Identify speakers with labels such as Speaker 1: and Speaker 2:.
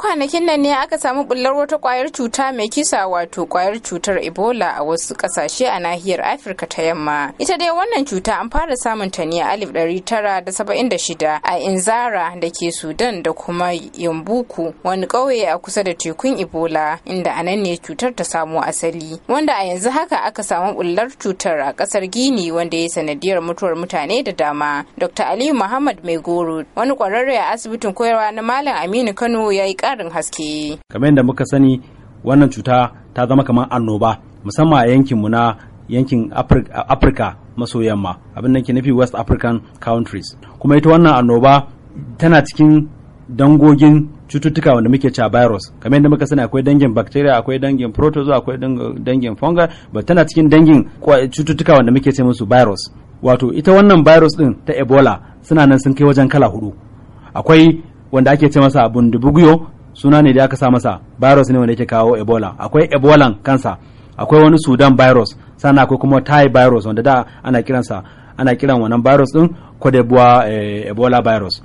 Speaker 1: kwanakin nan ne aka samu bullar wata kwayar cuta mai kisa wato kwayar cutar Ebola a wasu kasashe a nahiyar Afirka ta yamma. Ita dai wannan cuta an fara samun ta ne a 1976 a Inzara da ke Sudan da kuma Yambuku wani ƙauye a kusa da tekun Ebola inda a nan ne cutar ta samu asali. Wanda a yanzu haka aka samu bullar cutar a ƙasar Gini wanda ya sanadiyar mutuwar mutane da dama. Dr. Aliyu Muhammad goro wani ƙwararre a asibitin koyarwa na Malam Aminu Kano ya yi ƙarin haske.
Speaker 2: Kamar yadda muka sani wannan cuta ta zama kamar annoba musamman a yankinmu na yankin Afirka maso yamma abin da ke nufi West African countries. Kuma ita wannan annoba tana cikin dangogin cututtuka wanda muke cewa virus kamar yadda muka sani akwai dangin bacteria akwai dangin protozoa akwai dangin fungi ba tana cikin dangin cututtuka wanda muke ce musu virus wato ita wannan virus din ta ebola suna nan sun kai wajen kala hudu akwai wanda ake ce masa bundubugyo suna ne da aka sa masa virus ne wanda yake kawo ebola akwai ebola kansa akwai wani sudan virus sannan akwai kuma thai virus wanda da ana kiransa ana kiran wannan virus din kodebuwa eh, ebola virus